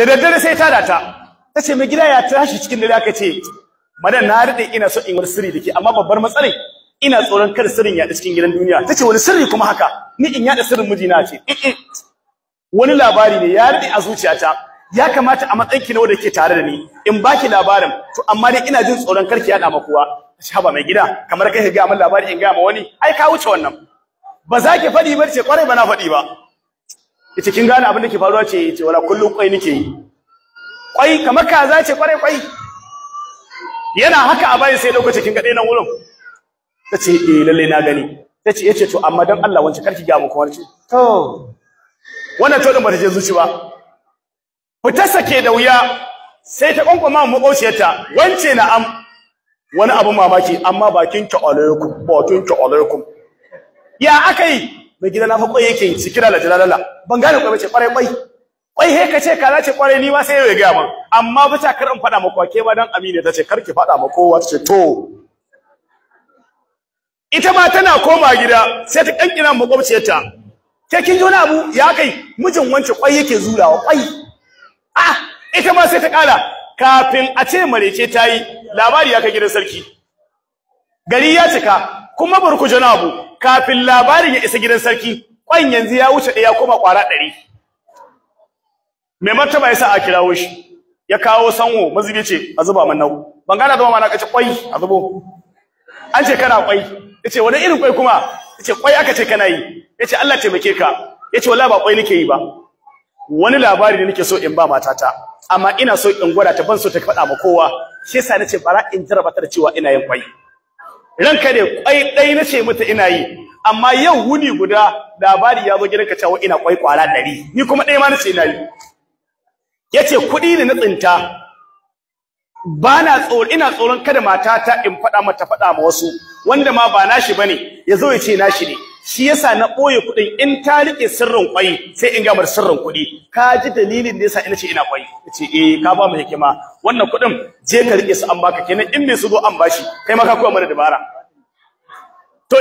da daddare sai ta data ta ce mai gida ya tashi cikin dare aka ce madan na daɗe ina so in wani sirri dake amma babbar matsalar ina tsoron kar sirrin yaɗa cikin gidan duniya ta ce wani sirri kuma haka ni in yaɗa sirrin mijina ce wani labari ne ya daɗe a zuciyata ya kamata a matsayin ki na wanda ke tare da ni in baki labarin to amma dai ina jin tsoron kar ki yaɗa ma kowa ce haba mai gida kamar kai ka ga min labari in ga ma wani ai ka wuce wannan ba za ki faɗi ba ce kwarai ba na faɗi ba ita kin gane abin da ke faruwa ce ce wala kullun kwai nake yi kwai kamar kaza ce kware kwai yana haka a bayan sai lokacin kin ga dai nan wurin Ta ce eh lalle na gani Ta ce yace to amma dan Allah wance karki ga mu kuma ce to wannan to din bata je zuci ba fita sake da wuya sai ta kwankwama makociyarta wance na am wani abu mamaki amma bakin ki alaikum batun ki alaikum ya akai mai gidana na fa kwai yake shi kira jalalala ban gane kwai bace kwarai kwai kwai he kace ka zace kwarai ni ma sai ya ga man amma ba ta karin fada maka ke ma dan amina tace kar ki fada ma kowa tace to ita ma tana koma gida sai ta kankina makwabciyarta ke kin ji wani abu ya kai mijin wance kwai yake zurawa kwai a ah! ita ma sai ta kala kafin a ce marece ta yi labari ya kai gidan sarki gari ya cika kuma burku jana abu kafin labarin ya isa gidan sarki kwan yanzu ya wuce ɗaya ya koma kwara ɗari mai martaba ya sa a kirawo shi ya kawo sanwo mazubi ce a zuba man nau ban gana zama mana kace kwai a zubo an ce kana kwai ce wani irin kwai kuma Ya ce kwai aka ce kana yi Ya ce Allah taimake ka ce wallahi ba kwai nake yi ba wani labari ne nake so in ba matata amma ina so in gwada ta ban so ta faɗa ma kowa shi yasa ce bara in jarabata da cewa ina yin kwai ranka ne kwai na ce mata ina yi amma yau wuni guda labari ya zo gidanka cewa ina kwai kwara ɗari, ni kuma dai ma na ce ina yi yace kudi ne na tsinta na tsoro ina tsoron kada matata in faɗa mata faɗa ma wasu wanda ma ba nashi bane yazo yace nashi ne shi yasa na ɓoye kuɗin in ta riƙe sirrin kwai sai in ga gamar sirrin kuɗi. ka ji dalilin da yasa ina ce ina kwai ce eh ka ba mu hikima wannan kuɗin je ka rike su an baka kenan in bai su zo an bashi kai ma ka koya mana dabara to